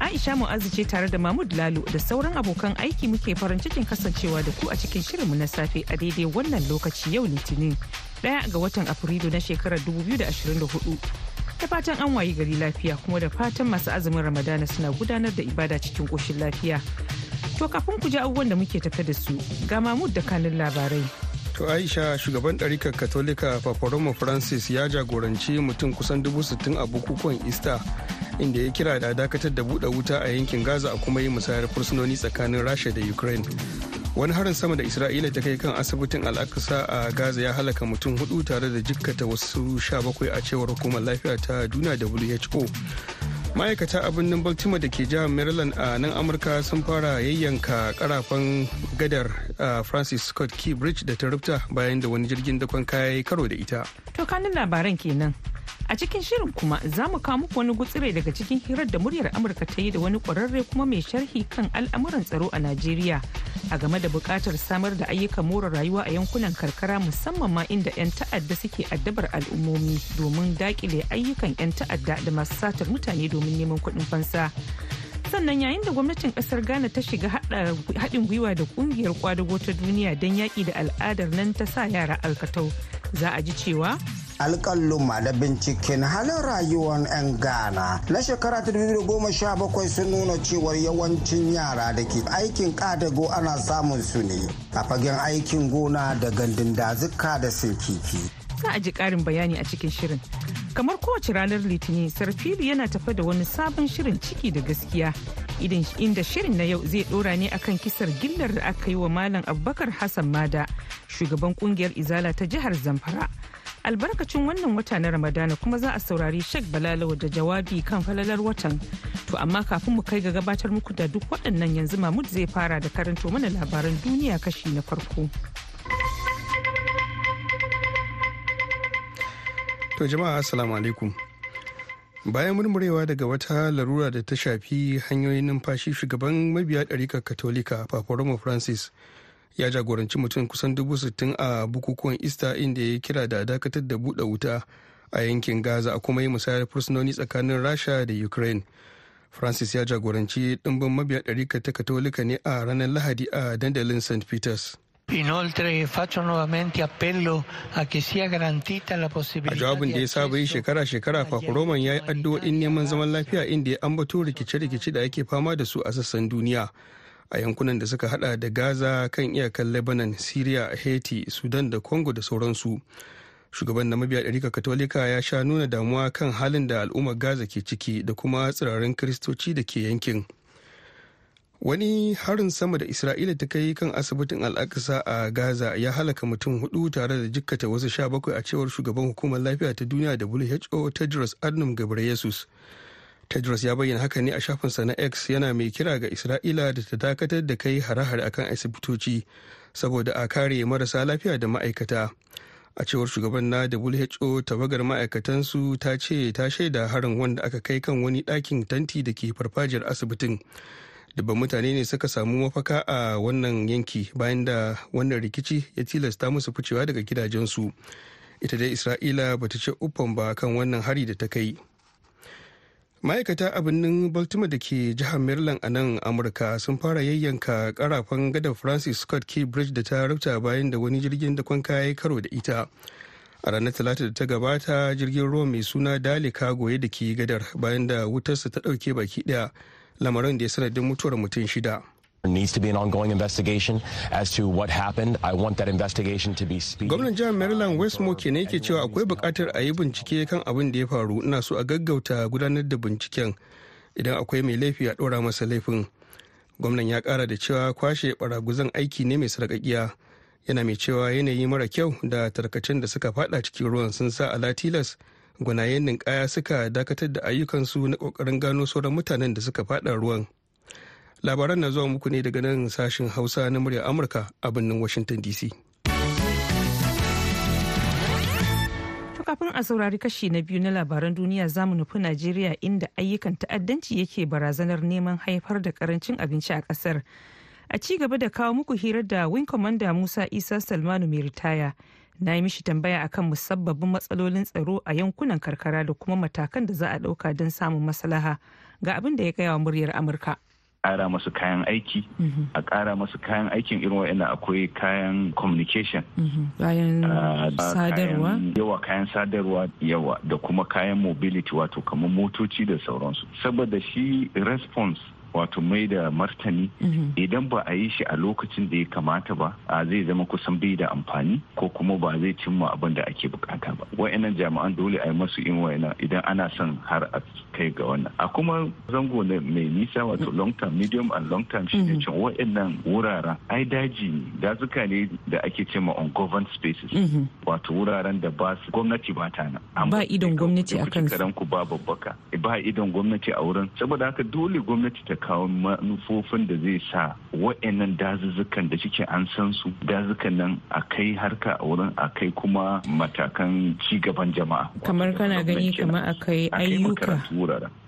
Aisha Mu'azu ce tare da Mahmud lalu da sauran abokan aiki muke farin cikin kasancewa da ku a cikin shirinmu na safe a daidai wannan lokaci yau Litinin daya ga watan Afrilu na shekarar 2024. Da fatan an wayi gari lafiya kuma da fatan masu azumin Ramadana suna gudanar da ibada cikin koshin lafiya. To kafin ku ji abubuwan da muke tafe da su ga Mahmud da kanin labarai. To Aisha shugaban ɗarikar Katolika Paparoma Francis ya jagoranci mutum kusan dubu sittin a bukukuwan Easter inda ya kira da dakatar da buɗe wuta a yankin gaza a kuma yi musayar fursunoni tsakanin rasha da ukraine wani harin sama da isra'ila ta kai kan asibitin al'aqsa a gaza ya halaka mutum hudu tare da jikkata wasu sha bakwai a cewar hukumar lafiya ta duniya who ma'aikata a birnin baltimore da ke jihar maryland a nan amurka sun fara yayyanka karafan gadar francis scott key bridge da ta rufta bayan da wani jirgin dakon kaya karo da ita to kanin labaran kenan A cikin shirin kuma za mu kawo muku wani gutsire daga cikin hirar da muryar Amurka ta yi da wani ƙwararre kuma mai sharhi kan al'amuran tsaro a Najeriya a game da buƙatar samar da ayyukan more rayuwa a yankunan karkara musamman ma inda 'yan ta'adda suke addabar al'ummomi domin daƙile ayyukan 'yan ta'adda da masu satar mutane domin neman kuɗin fansa. sannan yayin da gwamnatin kasar ghana ta shiga haɗin gwiwa da kungiyar kwadago ta duniya don yaƙi da al'adar nan ta sa yara alkatau za a ji cewa ma da binciken halin rayuwar 'yan ghana na shekara ta 2017 sun nuna cewar yawancin yara da ke aikin ƙadago ana samun su ne a fagen aikin gona da gandun dazuka da sun kifi za a ji ƙarin bayani a cikin shirin kamar kowace ranar litinin sarfili yana tafa da wani sabon shirin ciki da gaskiya inda shirin na yau zai dora ne akan kisar gillar da aka yi wa malam abubakar hassan mada shugaban kungiyar izala ta jihar zamfara albarkacin wannan wata na ramadana kuma za a saurari sheikh balalawa da jawabi kan falalar watan to amma kafin mu kai ga gabatar muku da duk waɗannan yanzu mahmud zai fara da karanto mana labaran duniya kashi na farko to jama'a assalamu alaikum bayan murmurewa daga wata larura da ta shafi hanyoyin numfashi shugaban mabiya ɗarikar katolika papa francis ya jagoranci mutum kusan dubu sittin a bukukuwan easter inda ya kira da dakatar da buɗe wuta a yankin gaza a kuma yi musayar fursunoni tsakanin rasha da ukraine francis ya jagoranci ɗimbin mabiya ɗarika ta katolika ne a ranar lahadi a dandalin st peters a A jawabin da ya saba yi shekara-shekara Fakuroman ya yi addu'o'in neman zaman lafiya inda ya ambato rikice-rikice da ake fama da su a sassan duniya a yankunan da suka hada da gaza kan iyakar lebanon syria haiti sudan da congo da sauransu shugaban na mabiya ɗarika katolika ya sha nuna damuwa kan halin da al'ummar gaza ke ciki da kuma tsirarin kiristoci da ke yankin wani harin sama da isra'ila ta kai kan asibitin al'akasa a gaza ya halaka mutum hudu tare da jikkata wasu sha bakwai a cewar shugaban hukumar lafiya ta duniya who tedros adnum ghebreyesus tedros ya bayyana haka ne a shafinsa na x yana mai kira ga isra'ila da ta dakatar da kai hare-hare akan asibitoci saboda a kare marasa lafiya da ma'aikata a cewar shugaban na who tabagar ma'aikatansu ta ce ta shaida harin wanda aka kai kan wani ɗakin tanti da ke farfajiyar asibitin dubban mutane ne suka samu mafaka a wannan yanki bayan da wannan rikici ya tilasta musu ficewa daga gidajensu ita dai isra'ila bata ce uffan ba kan wannan hari da ta kai ma'aikata a birnin baltimore da ke jihar maryland a nan amurka sun fara yayyanka karafan gadar francis scott key bridge da ta rufta bayan da wani jirgin da kwanka ya karo da ita a ranar talata da ta gabata jirgin ruwa mai suna dalika goye da ke gadar bayan da wutarsa ta ɗauke baki ɗaya lamarin da ya sanadin mutuwar mutum shida needs to be an ongoing investigation as to what happened. I want that investigation to be speedy. Gwamnan jihar Maryland Westmore ke ne yake cewa akwai buƙatar a yi bincike kan abin da ya faru. Ina so a gaggauta gudanar da binciken idan akwai mai laifi a ɗora masa laifin. Gwamnan ya ƙara da cewa kwashe baraguzan aiki ne mai sarƙaƙiya. Yana mai cewa yanayi mara kyau da tarkacen da suka faɗa cikin ruwan sun sa ala tilas gwanayen ninkaya suka dakatar da ayyukansu na ƙoƙarin gano sauran mutanen da suka faɗa ruwan. labaran na zuwa muku ne daga nan sashen hausa na murya amurka a birnin washington dc kafin a saurari kashi na biyu na labaran duniya zamu nufi najeriya inda ayyukan ta'addanci yake barazanar neman haifar da karancin abinci a kasar a ci gaba da kawo muku hirar da wing commander musa isa salmanu mai ritaya na yi mishi tambaya akan musabbabin matsalolin tsaro a yankunan karkara da kuma matakan da za a ɗauka don samun maslaha ga abin da ya gaya wa muryar amurka ƙara masu kayan aiki mhm. a ƙara masu kayan aikin irin wa'ina akwai kayan communication mhm. kayan ah, sadarwa yawa kayan sadarwa yawa da kuma kayan mobility wato kamar motoci da sauransu saboda shi response wato mai da martani mhm. idan ba a yi shi a lokacin da ya kamata ba a zai zama kusan bai da amfani ko kuma ba zai cimma abin da ake bukata ba wa'annan jami'an dole a yi masu in wa'annan idan ana son har a kai ga wannan a kuma zango na mai nisa wato mhm. long term medium and long term mhm. shi ne cin wa'annan wuraren ai daji ne dazuka ne da ake ce ma ungoverned spaces wato wuraren da ba su gwamnati ba ta nan ba idon gwamnati a kansu ba babbaka ba idon gwamnati a wurin saboda haka dole gwamnati ta kawo manufofin da zai sa wa'annan dazuzzukan da suke an san su dazuzzukan nan a kai harka a wurin a kai kuma matakan ci gaban jama'a kamar kana gani kamar a kai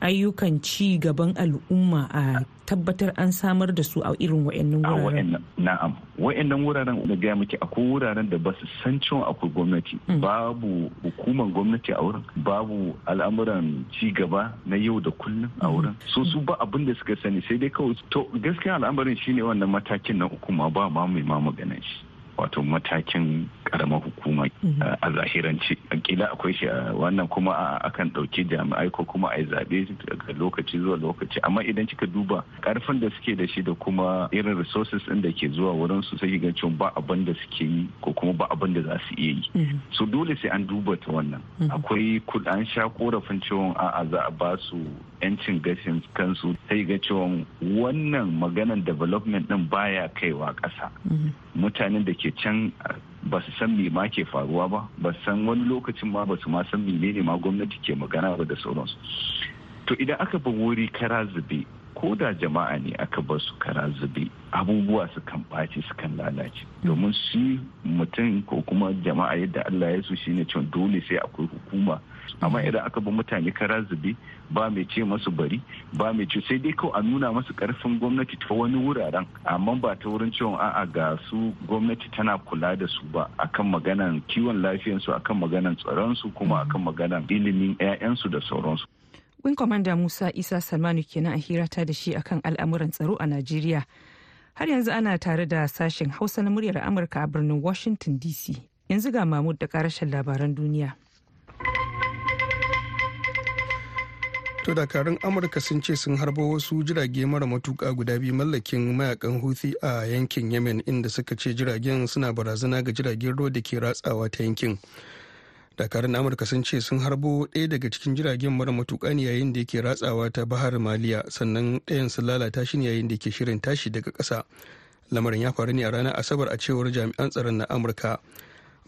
ayyukan ci gaban al'umma a tabbatar an samar da su a irin wa'annan wuraren? Na'am, wa'annan wuraren na gaya miki akwai wuraren da ba su san cewa akwai gwamnati. Mm. Babu hukumar gwamnati a wurin, babu al'amuran ci gaba na yau da kullum a mm. wurin. So su ba abin da suka sani sai dai kawai to gaskiya al'amarin shine wannan matakin na hukuma ba ma mai ma maganar shi. wato matakin karamar hukuma mhm. a zahiranci kila akwai shi wannan kuma akan ɗauki jami'ai ko kuma a yi zaɓe daga lokaci zuwa lokaci amma idan kika duba karfin da suke da shi da kuma irin resources ɗin da ke zuwa wurin su sai ga cewa ba abin da suke yi ko kuma ba abin da za su iya yi mhm. so dole sai an duba ta wannan mhm. akwai an sha korafin cewa a'a za a ba su yancin gashin kansu sai ga cewa wannan maganan development ɗin baya kaiwa ƙasa mutanen da ke can uh, ba su san me ma ke faruwa ba ba su san wani lokacin ma ba su ma san menene ma gwamnati ke magana ba da sauransu to idan aka bi wuri kara zube ko da jama'a ne aka bar su kara zube abubuwa su kan sukan su kan lalace domin shi mutum ko kuma jama'a yadda Allah ya su shine cewa dole sai akwai hukuma amma mm-hmm. idan aka bi mutane kara zube ba mai ce masu bari ba mai ce sai dai kawai a nuna masu karfin gwamnati ta wani wuraren amma ba ta wurin cewa a'a ga su gwamnati tana kula da su ba akan maganan kiwon lafiyansu akan maganan su kuma mm-hmm. akan maganan ilimin 'ya'yansu da sauransu Wing Commander Musa Isa Salmanu kenan a hirata da shi akan al'amuran tsaro a Najeriya. Har yanzu ana tare da sashen Hausa na muryar Amurka a birnin Washington DC. Yanzu ga Mahmud da karashen labaran duniya. To dakarun Amurka sun ce sun harbo wasu jirage mara matuka guda biyu mallakin mayakan Houthi a yankin Yemen inda suka ce jiragen suna barazana ga jiragen ruwa da ke ratsawa ta yankin. dakarun amurka sun ce sun harbo ɗaya daga cikin jiragen mara matuƙa yayin da yake ratsawa ta bahar maliya sannan ɗayan sun lalata shi ne yayin da ke shirin tashi daga ƙasa lamarin ya faru ne a ranar asabar a cewar jami'an tsaron na amurka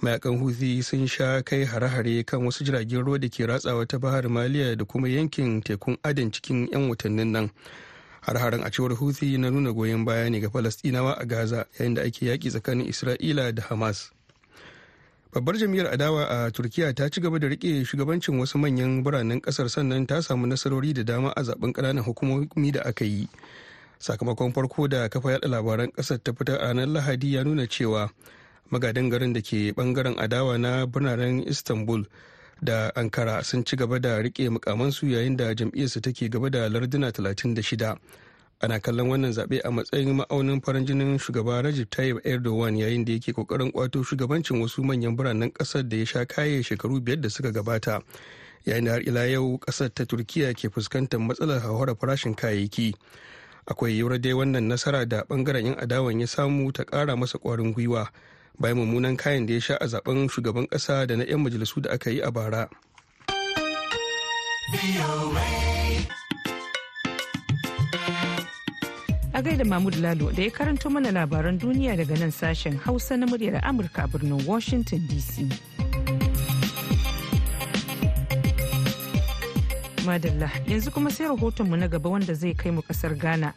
mayakan huthi sun sha kai hare-hare kan wasu jiragen ruwa da ke ratsawa ta bahar maliya da kuma yankin tekun adan cikin 'yan watannin nan har-haren a cewar huthi na nuna goyon baya ne ga falastinawa a gaza yayin da ake yaƙi tsakanin isra'ila da hamas babbar jam'iyyar adawa a turkiya ta ci gaba da rike shugabancin wasu manyan biranen kasar sannan ta samu nasarori da dama a zaben kananan hukumomi da aka yi sakamakon farko da kafa yada labaran kasar ta fitar a ranar lahadi ya nuna cewa magadan garin da ke bangaren adawa na biranen istanbul da ankara sun ci gaba da rike mukamansu yayin da jam'iyyarsu take gaba da larduna 36 ana kallon wannan zaɓe a matsayin ma'aunin farin jinin shugaba Rajib Tayyip Erdogan yayin da yake kokarin kwato shugabancin wasu manyan biranen ƙasar da ya sha kaye shekaru biyar da suka gabata. Yayin da har ila yau ƙasar ta Turkiya ke fuskantar matsalar hauhara farashin kayayyaki. Akwai yiwuwar dai wannan nasara da bangaren 'yan adawan ya samu ta ƙara masa ƙwarin gwiwa bayan mummunan kayan da ya sha a zaben shugaban ƙasa da na 'yan majalisu da aka yi a bara. a gaida Mahmud Lalo da ya karanto mana labaran duniya daga nan sashen Hausa na muryar Amurka a birnin Washington DC. Madalla yanzu kuma sai rahotonmu na gaba wanda zai kai mu kasar Ghana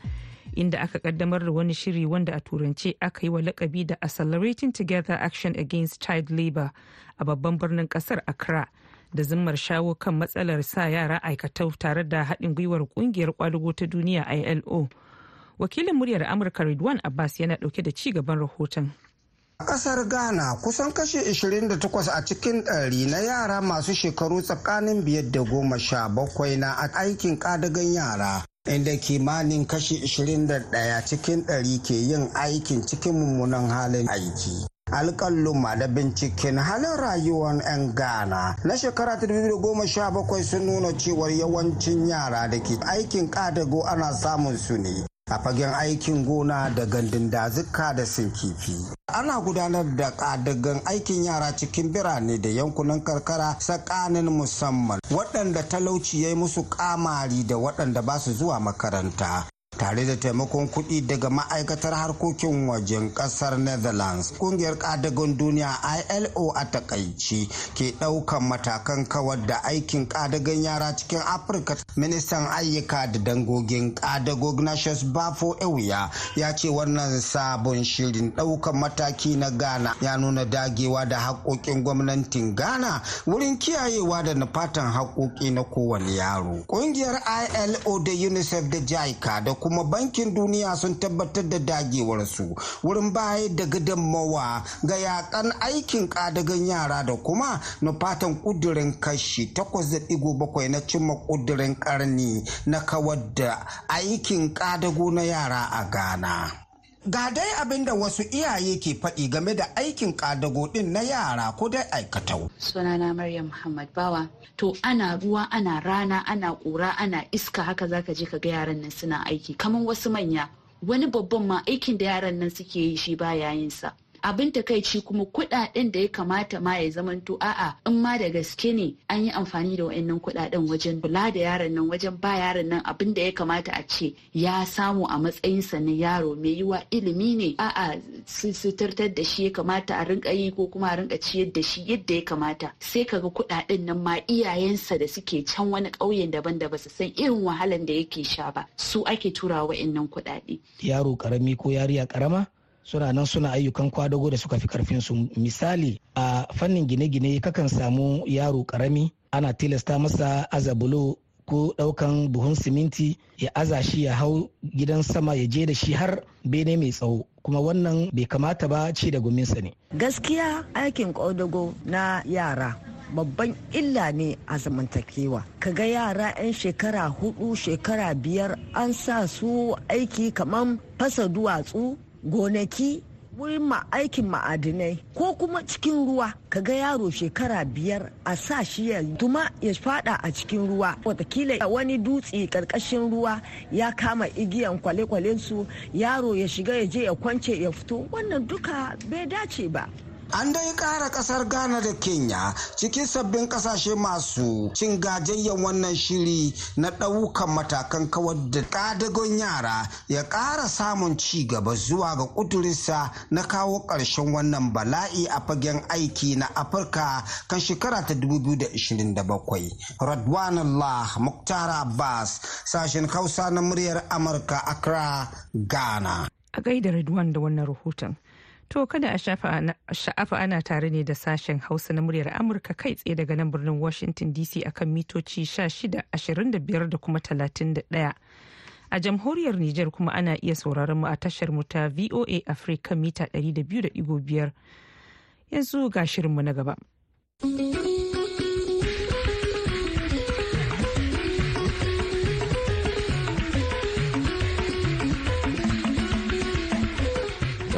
inda aka kaddamar da wani shiri wanda a turance aka yi wa lakabi da Accelerating Together Action Against Child Labor a babban birnin kasar Accra. da zimmar shawo kan matsalar sa yara aikatau tare da haɗin gwiwar kungiyar kwalugo ta duniya ILO. wakilin muryar amurka ridwan abbas yana dauke da ci gaban rahoton A kasar Ghana kusan kashe 28 a cikin ɗari na yara masu shekaru tsakanin biyar da goma sha bakwai na aikin ƙadagan yara. inda kimanin kashi 21 cikin ɗari ke yin aikin cikin mummunan halin aiki. alkaluma da binciken halin rayuwar 'yan ghana na shekara 2017 sun nuna cewar yawancin yara da ke aikin kadago ana samun su ne a fagen aikin gona da gandun dazuka da sin kifi. Ana gudanar da ƙadagan aikin yara cikin birane da yankunan karkara tsakanin musamman waɗanda talauci ya yi musu ƙamari da waɗanda ba su zuwa makaranta. tare da taimakon kuɗi daga ma'aikatar harkokin wajen ƙasar netherlands ƙungiyar ƙadagon duniya ilo a takaici ke ɗaukan matakan kawar da aikin ƙadagon yara cikin afirka ministan ayyuka da dangogin ƙadago ignatius bafo ewuya ya ce wannan sabon shirin ɗaukan mataki na ghana ya nuna dagewa da haƙoƙin gwamnatin ghana wurin kiyayewa da nufatan haƙoƙi na kowane yaro ƙungiyar ilo da unicef da jica da kuma bankin duniya sun tabbatar da dagewarsu wurin bayar da gudunmawa ga yakan aikin kadagan yara da kuma nufatan kudurin kashi 8.7 na cimma kudurin karni na kawar da aikin kadago na yara a ghana Ga dai abin da wasu iyaye ke faɗi game da aikin ƙadago ɗin na yara ko dai aikatau. Sunana Maryam Muhammad Bawa. To ana ruwa ana rana ana ƙura ana iska haka zaka je ka ga yaran nan suna aiki kamar wasu manya. Wani babban ma aikin da yaran nan suke yi shi ba yayin sa. abin takaici kuma kuɗaɗen da ya kamata ma ya zamanto a'a in ma da gaske ne an yi amfani da wayannan kuɗaɗen wajen kula da yaron nan wajen ba yaron nan abin da ya kamata a ce ya samu a matsayinsa na yaro mai yiwa ilimi ne a'a su tartar da shi ya kamata a rinka yi ko kuma a rinka ciyar da shi yadda ya kamata sai kaga kuɗaɗen nan ma iyayensa da suke can wani ƙauyen daban da ba su san irin wahalan da yake sha ba su ake tura wa'annan kuɗaɗe. Yaro karami ko yariya karama suna nan suna ayyukan kwadago da suka fi karfin su misali a fannin gine-gine kakan samu yaro karami ana tilasta masa azabulo ko daukan buhun siminti ya aza shi ya hau gidan sama ya je da shi har bene mai tsawo kuma wannan bai kamata ba ci da guminsa ne gaskiya aikin kwadago na yara babban illa ne a zamantakewa kaga yara 'yan shekara hudu shekara biyar an sa su aiki kamar fasa duwatsu gonaki wurin aikin ma'adinai ko kuma cikin ruwa ka ga yaro shekara biyar a sa shi ya tuma ya fada a cikin ruwa watakila wani dutse karkashin ruwa ya kama igiyan kwale kwalensu yaro ya shiga ya je ya kwance ya fito wannan duka bai dace ba An dai ƙara ƙasar Ghana da Kenya cikin sabbin ƙasashe masu cin gajayyan wannan shiri na ɗaukan matakan kawar da ƙadagon yara ya ƙara samun ci gaba zuwa ga ƙudurinsa na kawo ƙarshen wannan bala'i a fagen aiki na Afirka kan shekara ta 2027. Radwan Allah Muktar Abbas sashen Hausa na muryar Amurka Accra, Ghana. A gaida Radwan da wannan rahoton. To kada a sha'afa ana tare ne da sashen Hausa na muryar Amurka kai tsaye daga nan birnin Washington DC a kan mitoci 16, 25 da kuma 31. a jamhuriyar Nijar kuma ana iya sauraron mu a tashar mu ta VOA Africa mita 200.5 yanzu ga shirinmu na gaba.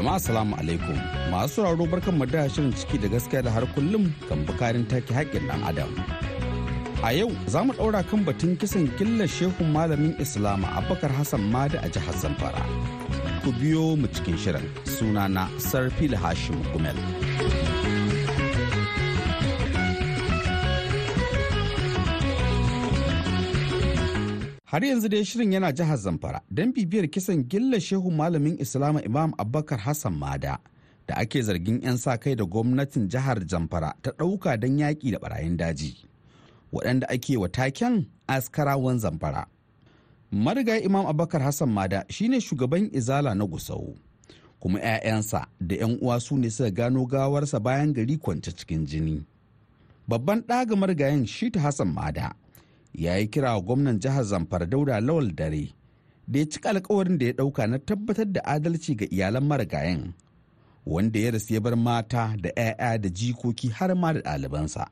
jama'a salamu alaikum masu sauraro barkan mu da shirin ciki da gaskiya da har kullum kan bukarin take haƙƙin ɗan adam a yau za mu ɗaura kan batun kisan killa shehun malamin islama abubakar hassan madi a jihar zamfara ku biyo mu cikin shirin sunana sarfil hashim gumel har yanzu dai shirin yana jihar zamfara don bibiyar kisan gilla shehu malamin islama imam abubakar hassan mada da ake zargin 'yan sa kai da gwamnatin jihar zamfara ta ɗauka don yaƙi da barayin daji waɗanda ake wa taken askarawan zamfara marigayi imam abubakar hassan mada shine shugaban izala na gusau kuma 'ya'yansa da 'yan uwa su ne suka gano gawarsa bayan gari kwance cikin jini babban ɗaga marigayin shita hassan mada ya yi kira wa gwamnan jihar zamfara dauda lawal dare da ya cika alkawarin da ya dauka na tabbatar da adalci ga iyalan marigayen wanda ya rasu ya bar mata da 'ya'ya da jikoki har ma da ɗalibansa.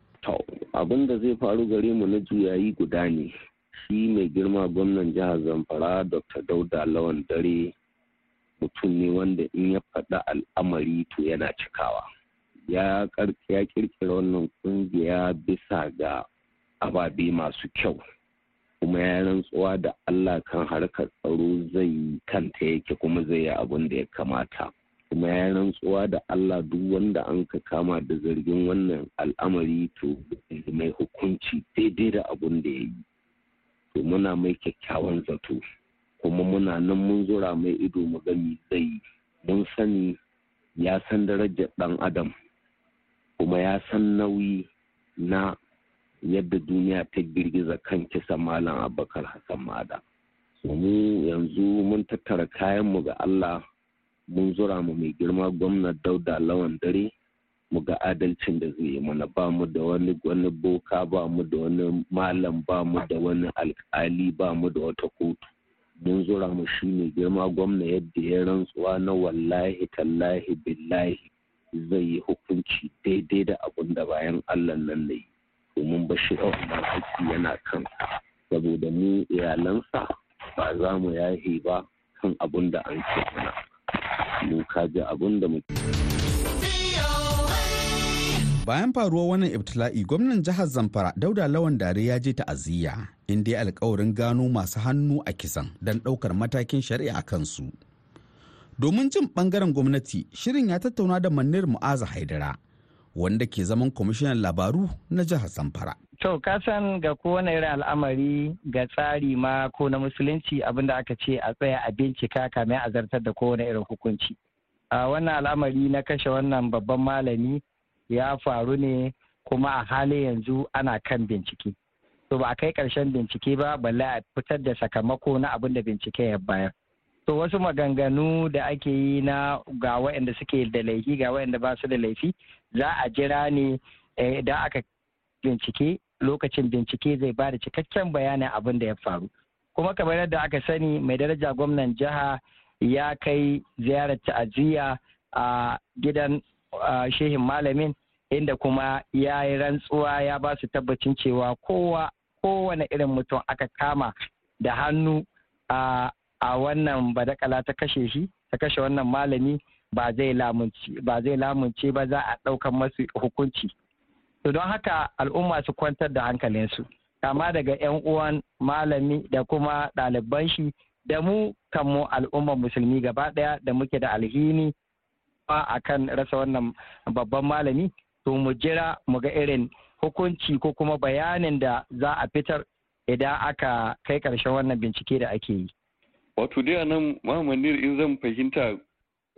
abin da zai faru gare mu na juyayi guda ne shi mai girma gwamnan jihar zamfara dr dauda lawan dare mutum ne wanda in ya faɗa al'amari to yana cikawa ya ƙirƙira wannan kungiya bisa ga ababe masu kyau kuma ya rantsuwa da Allah kan harkar tsaro zai yi kanta yake kuma zai yi abin da ya kamata kuma ya rantsuwa da Allah duk wanda an ka kama da zargin wannan al'amari to mai hukunci daidai da abin da ya yi to muna mai kyakkyawan zato kuma muna nan mun zura mai ido mu gani zai yi mun sani ya san darajar dan adam kuma ya san nauyi na yadda duniya ta girgiza kan kisa malam abakar hassan mada su mu yanzu mun tattara kayanmu ga allah mun zura mu mai girma gwamna dauda lawan dare mu ga adalcin da zai yi mana ba mu da wani wani boka ba mu da wani malam ba mu da wani alkali ba mu da wata kotu mun zura mu shi mai girma gwamna yadda ya rantsuwa na wallahi tallahi billahi zai yi hukunci daidai da abun da bayan allah nan da yi domin bashir umar haƙƙi yana kan saboda ni iyalansa ba za mu yahe ba kan abun da an ce mana mu kaji abun da mu bayan faruwar wannan ibtila'i gwamnan jihar zamfara dauda lawan dare ya je ta'aziyya inda ya alkawarin gano masu hannu a kisan don ɗaukar matakin shari'a a kansu domin jin bangaren gwamnati shirin ya tattauna da manir mu'aza haidara wanda ke zaman kwamishinan labaru na jihar Zamfara. To kasan ga kowane irin al'amari ga tsari ma ko na musulunci abinda aka ce a tsaya a bincika kamar a zartar da kowane irin hukunci. A wannan al'amari na kashe wannan babban malami ya faru ne kuma a halin yanzu ana kan bincike. To ba a kai ƙarshen bincike ba balle a fitar da sakamako na abin da bincike ya bayar. To wasu maganganu da ake yi na ga waɗanda suke da laifi ga waɗanda ba su da laifi za a jira ne eh, idan aka bincike lokacin bincike zai ba da cikakken bayanin abin da ya faru kuma kamar yadda aka sani mai daraja gwamnan jiha ya kai ziyarar ta'aziyya a gidan shehin malamin inda kuma ya yi rantsuwa ya ba su tabbacin cewa kowa kowane irin mutum aka kama da hannu a wannan badakala ta kashe shi ta kashe wannan malami ba zai lamunci ba lamunce ba za a ɗaukan masu hukunci to don haka al'umma su kwantar da hankalinsu kama daga 'yan uwan malami da kuma ɗaliban shi da mu kanmu al'ummar musulmi gaba ɗaya da muke da alhini a kan rasa wannan babban malami to mu jira mu ga irin hukunci ko kuma bayanin da za a fitar idan aka kai ƙarshen wannan bincike da ake yi. Wato dai nan Muhammad in zan fahimta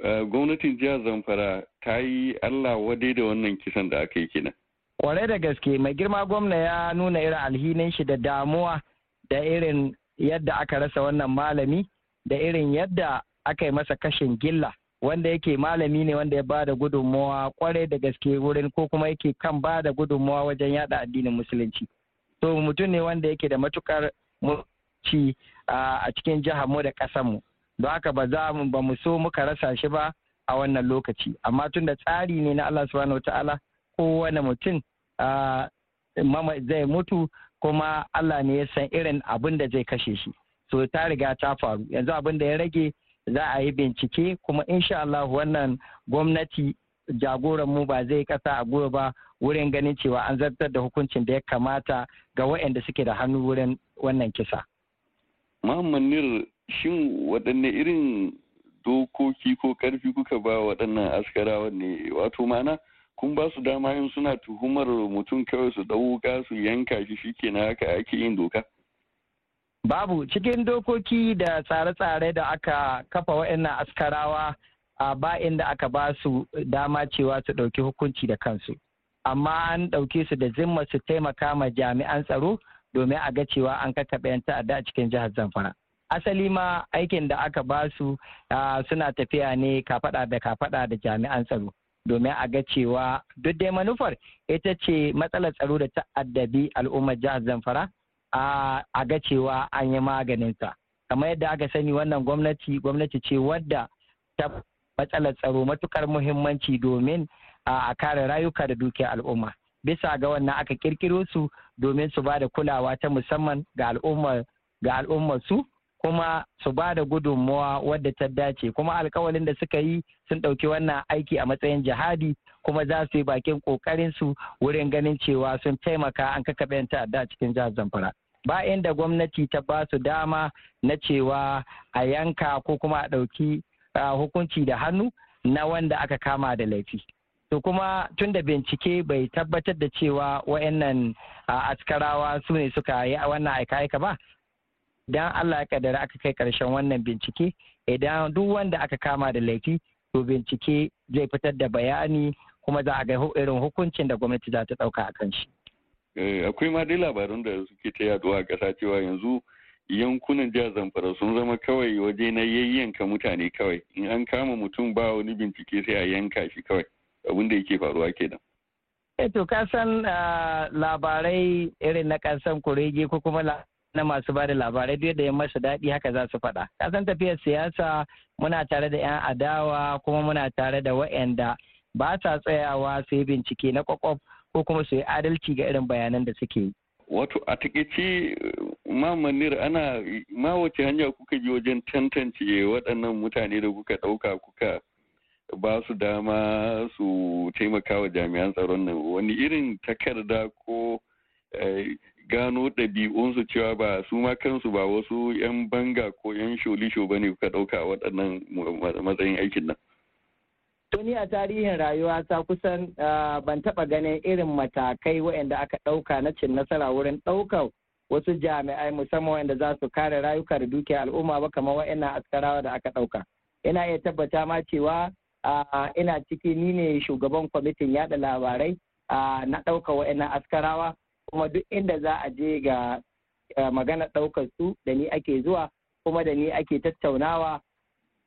Eh, gwamnatin jihar zamfara ta yi allah wadai da wannan kisan da aka yi kenan kwarai da gaske mai girma gwamna ya nuna irin alhinin shi da damuwa da irin yadda aka rasa wannan malami da irin yadda aka yi masa kashin gilla wanda yake malami ne wanda ya ba da gudunmawa kwarai da gaske wurin ko kuma yake kan ba da gudunmawa wajen yada addinin musulunci to mutum ne wanda yake da matukar ci ah, a cikin jihar mu da kasar mu don haka ba za mu ba mu so muka rasa shi ba a wannan lokaci amma tun da tsari ne na Allah subhanahu wataala kowane mutum mama zai mutu kuma Allah ne ya san irin abin da zai kashe shi so ta riga ta faru yanzu abin da ya rage za a yi bincike kuma insha Allah wannan gwamnati jagoran mu ba zai kasa a gobe ba wurin ganin cewa an zartar da hukuncin da ya kamata ga waɗanda suke da hannu wurin wannan kisa. Muhammad Nir shin waɗanne irin dokoki ko ƙarfi kuka ba waɗannan askara ne wato mana kun ba su dama yin suna tuhumar mutum kawai su ɗauka su yanka shi na haka ake yin doka babu cikin dokoki da tsare-tsare da aka kafa waɗannan askarawa a ba inda aka ba su dama cewa su ɗauki hukunci da kansu amma an ɗauke su da zimma su taimaka ma jami'an tsaro domin a ga cewa an kakkaɓe 'yan ta'adda a cikin jihar zamfara asali ma aikin da aka ba su suna tafiya ne kafada da kafada da jami'an tsaro domin a ga cewa duk dai manufar ita ce matsalar tsaro da ta addabi al'ummar jihar zamfara a ga cewa an yi maganinta kamar yadda aka sani wannan gwamnati gwamnati ce wadda ta matsalar tsaro matukar muhimmanci domin a kare rayuka da dukiyar al'umma bisa ga wannan aka kirkiro su domin su ba da kulawa ta musamman ga al'ummar su kuma su ba da gudunmuwa wadda ta dace kuma alkawalin da suka yi sun ɗauki wannan aiki a matsayin jihadi kuma za su yi bakin ƙoƙarin su wurin ganin cewa sun taimaka an kakaɓe ta ta'adda cikin jihar zamfara ba inda gwamnati ta ba su dama na cewa a yanka ko kuma a ɗauki hukunci da hannu na wanda aka kama da laifi to kuma tun da bincike bai tabbatar da cewa wa'annan askarawa su ne suka yi wannan aika-aika ba idan Allah ya kaddara aka kai karshen wannan bincike idan duk wanda aka kama da laifi to bincike zai fitar da bayani kuma za a ga irin hukuncin da gwamnati za ta ɗauka a kan shi. Eh, akwai ma dai labarun da suke ta yaduwa a ƙasa cewa yanzu yankunan jihar Zamfara sun zama kawai waje na yayyanka mutane kawai in an kama mutum ba wani bincike sai a yanka shi kawai abin da yake faruwa kenan. Eh to ka san ah, labarai irin na kasan kurege ko kuma na masu ba da labarai duk da ya masa daɗi haka za su faɗa. Kasan tafiyar siyasa muna tare da 'yan adawa kuma muna tare da wa'anda ba sa tsayawa su yi bincike na kwakwaf ko kuma su yi adalci ga irin bayanan da suke yi. Wato a takaice mamanir ana ma wace hanya kuka yi wajen tantance waɗannan mutane da kuka ɗauka kuka ba su dama su taimaka wa jami'an tsaron nan wani irin takarda ko eh, gano ɗabi'unsu cewa ba su ma kansu ba wasu 'yan banga ko 'yan sholisho ba ne kuka ɗauka waɗannan matsayin aikin nan. Tuni a tarihin rayuwa ta kusan ban taɓa ganin irin matakai waɗanda aka ɗauka na cin nasara wurin ɗaukar wasu jami'ai musamman waɗanda za su kare rayuka da dukiyar al'umma ba kamar waɗannan askarawa da aka ɗauka. Ina iya tabbata ma cewa ina ciki ni ne shugaban kwamitin yaɗa labarai na ɗauka waɗannan askarawa kuma duk inda za a je ga eh, magana ɗaukar su da ni ake zuwa kuma da ni ake tattaunawa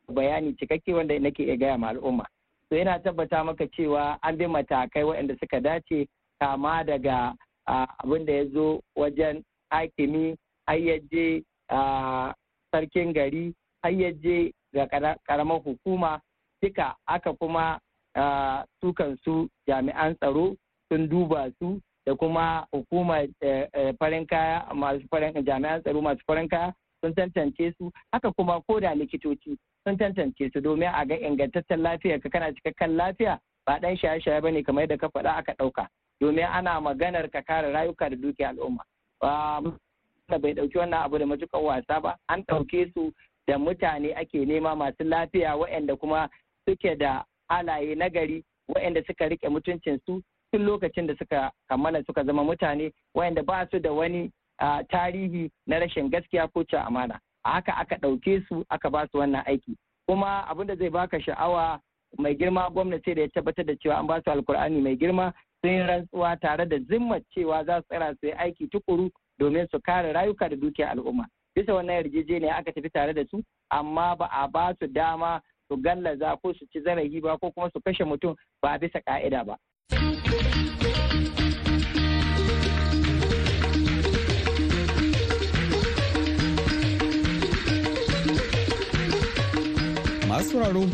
bayani cikakke wanda nake iya gaya ma al'umma to yana tabbata maka cewa an bi matakai waɗanda suka dace kama daga abin da ya zo wajen hakimi hayyaje sarkin gari hayyaje ga karamar hukuma duka aka kuma su jami'an tsaro sun duba su da kuma hukuma eh, eh, farin kaya masu farin jami'an tsaro masu farin kaya sun tantance su haka kuma ko da likitoci sun tantance su domin a ga ingantaccen lafiya ka kana cikakken lafiya ba dan shaye-shaye bane kamar da ka faɗa aka ɗauka domin ana maganar ka kare rayuka da dukiya al'umma ba bai ɗauki wannan abu da matuƙar wasa ba an ɗauke su da mutane ake nema masu lafiya waɗanda kuma suke da halaye nagari waɗanda suka rike mutuncin su tun lokacin da suka kammala suka zama mutane wayanda ba su da wani tarihi na rashin gaskiya ko ci amana a haka aka ɗauke su aka ba su wannan aiki kuma abin da zai baka sha'awa mai girma gwamnati da ya tabbatar da cewa an ba su alkur'ani mai girma sun yi rantsuwa tare da zimma cewa za su tsara su yi aiki tukuru domin su kare rayuka da dukiyar al'umma bisa wannan yarjejeniya aka tafi tare da su amma ba a ba su dama su gallaza ko su ci zarafi ba ko kuma su kashe mutum ba bisa ka'ida ba masu raro,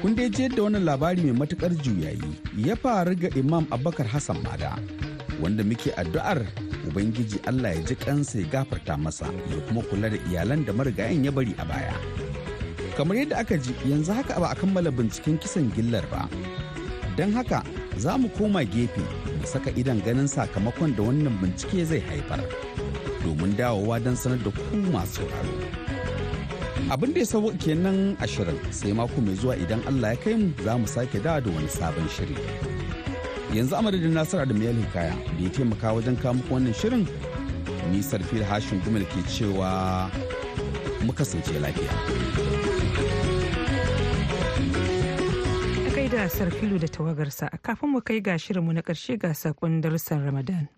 kun dai je da wannan labari mai matukar juyayi ya faru ga imam Abubakar hassan mada wanda muke addu'ar ubangiji allah ya ji kansa ya gafarta masa ya kuma kula da iyalan da marigayen ya bari a baya kamar yadda aka ji yanzu haka ba a kammala binciken kisan gillar ba don haka za mu koma gefe mu saka idan ganin sakamakon da wannan bincike zai haifar domin dawowa don sanar da ku masu raro. Abin da ya sabo kenan ashirin sai mako mai zuwa idan Allah ya kai mu za mu sake dawa da wani sabon shiri. Yanzu a madadin adam ya hikaya da ya taimaka wajen kawo wannan shirin nisar fil hashin gumal ke cewa mu kasance lafiya. gaida filo da tawagarsa kafin mu kai ga shirinmu na ƙarshe ga sakon darussan ramadan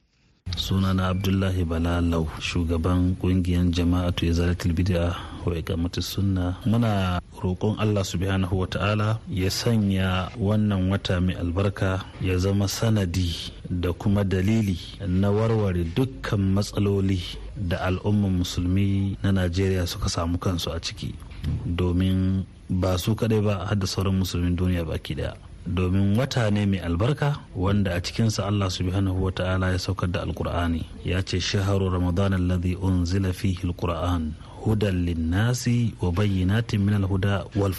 sunana abdullahi balalau shugaban kungiyar jama'atu ya zara tilbidiya wa ga sunna muna roƙon allah subhanahu wa ta'ala ya sanya wannan wata mai albarka ya zama sanadi da kuma dalili na warware dukkan matsaloli da al'ummar musulmi na najeriya suka samu kansu a ciki domin ba su kadai ba har da sauran musulmin duniya baki daya domin wata ne mai albarka wanda a cikinsa Allah subhanahu wa ta'ala ya saukar da alkur'ani ya ce shaharu ramadan alladhi unzila fihi alqur'an hudan linnasi wa bayyinatin min alhuda wal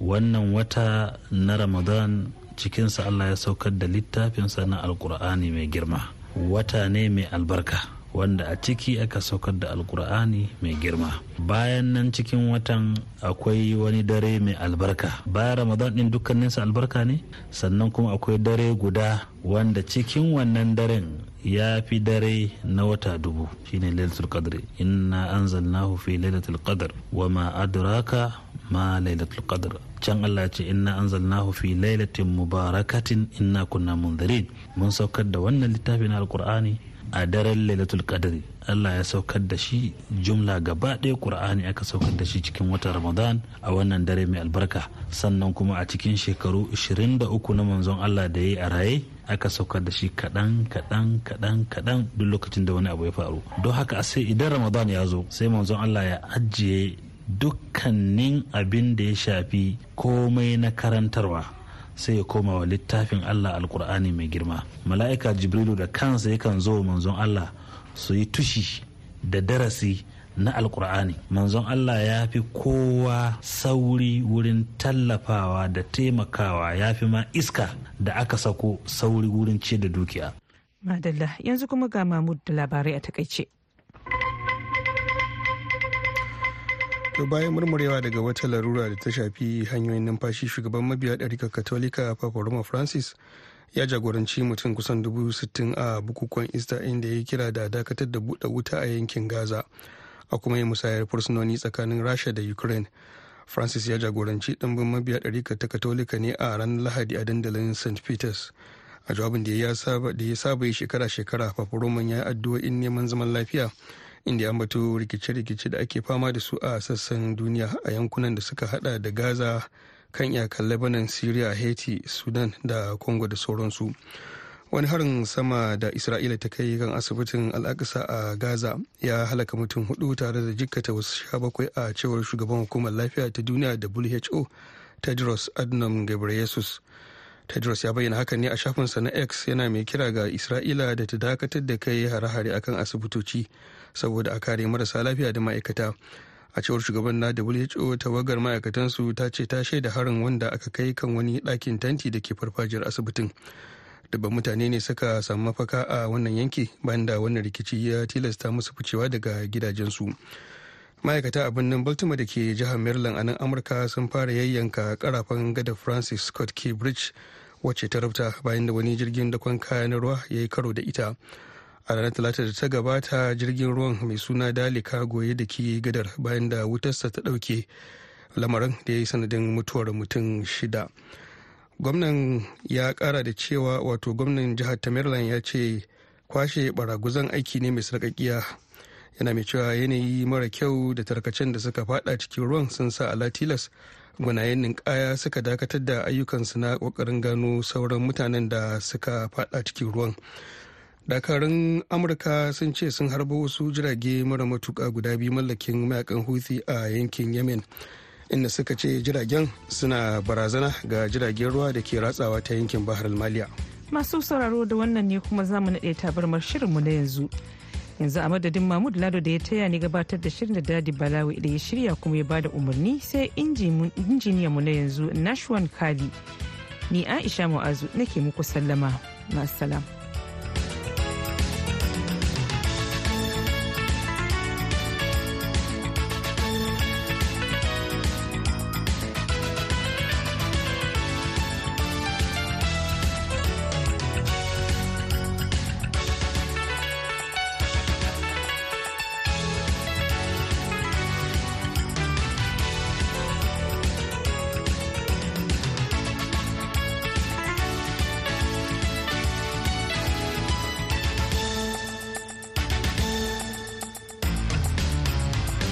wannan wata na ramadan cikinsa Allah ya saukar da littafinsa na alkur'ani mai girma wata ne mai albarka wanda a ciki aka saukar da alkur'ani mai girma bayan nan cikin watan akwai wani dare mai albarka bayan ramadan din dukkaninsa albarka ne sannan kuma akwai dare guda wanda cikin wannan daren ya fi dare na wata dubu shine lailatul qadr inna anzalnahu fi lailatul qadr wa ma adraka ma lailatul qadr can Allah ce inna anzalnahu fi lailatin mubarakatin inna kunna munzirin mun saukar da wannan littafin alkur'ani a daren lailatul qadri Allah ya saukar da shi jumla gaba ɗaya Qur'ani aka saukar da shi cikin watan Ramadan a wannan dare mai albarka sannan kuma a cikin shekaru 23 na manzon Allah da ya yi a raye aka saukar da shi kaɗan kaɗan kaɗan kaɗan duk lokacin da wani abu ya faru don haka sai idan Ramadan ya zo sai manzon Allah ya ajiye dukkanin abin da ya shafi komai na karantarwa sai ya koma wa littafin Allah alkur'ani mai girma mala'ika jibrilu da kansa yakan zo manzon Allah su yi tushi da darasi na alkur'ani manzon Allah ya fi kowa sauri wurin tallafawa da taimakawa ya fi ma iska da aka sako sauri wurin ce da dukiya madalla yanzu kuma ga mamud da labarai a takaice to bayan murmurewa daga wata larura da ta shafi hanyoyin numfashi shugaban mabiya ɗarikar katolika papa roma francis ya jagoranci mutum kusan 60 a bukukuwan easter inda ya kira da dakatar da buɗe wuta a yankin gaza a kuma yi musayar fursunoni tsakanin rasha da ukraine francis ya jagoranci ɗimbin mabiya ɗarikar ta katolika ne a ranar lahadi a dandalin st peters a jawabin da ya saba yi shekara-shekara papa roman ya addu'o'in neman zaman lafiya inda an bato rikice-rikice da ake fama da su a sassan duniya a yankunan da suka hada da gaza kan iyakar lebanon syria haiti sudan da congo da sauransu wani harin sama da isra'ila ta kai kan asibitin al'aqsa a gaza ya halaka mutum hudu tare da jikkata wasu sha bakwai a cewar shugaban hukumar lafiya ta duniya who tedros adnam ghebreyesus tedros ya bayyana hakan ne a shafinsa na x yana mai kira ga isra'ila da ta dakatar da kai hare-hare akan asibitoci saboda a kare marasa lafiya da ma'aikata a cewar shugaban na who tawagar ma'aikatansu ta ce ta shaida harin wanda aka kai kan wani ɗakin tanti da ke farfajiyar asibitin dabban mutane ne suka samu mafaka a wannan yanki bayan da wannan rikici ya tilasta musu ficewa daga gidajensu ma'aikata a birnin baltimore da ke jihar maryland a nan amurka sun fara yayyanka karafan gada francis scott key bridge wacce ta rabta bayan da wani jirgin dakon kaya na ruwa ya yi karo da ita a ranar talata da ta gabata jirgin ruwan mai suna dalika goye da ke gadar bayan da wutarsa ta dauke lamarin da ya yi sanadin mutuwar mutum shida gwamnan ya kara da cewa wato gwamnan jihar ta ya ce kwashe baraguzan aiki ne mai sarkakiya yana mai cewa yanayi mara kyau da tarkacen da suka fada cikin ruwan sun sa ala tilas gwanayen ninkaya suka dakatar da ayyukansu na kokarin gano sauran mutanen da suka fada cikin ruwan dakarun amurka sun ce sun harbo wasu jirage mara matuka guda biyu mallakin mayakan huthi a yankin yemen inda suka ce jiragen suna barazana ga jiragen ruwa da ke ratsawa ta yankin bahar maliya masu sauraro da wannan ne kuma zamu naɗe tabarmar shirinmu na yanzu yanzu a madadin mahmud lado da ya taya ni gabatar da shirin da dadi balawi da ya shirya kuma ya bada umarni sai mu na yanzu nashwan kali ni aisha mu'azu nake muku sallama asala.